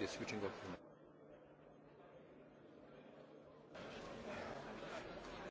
the switching of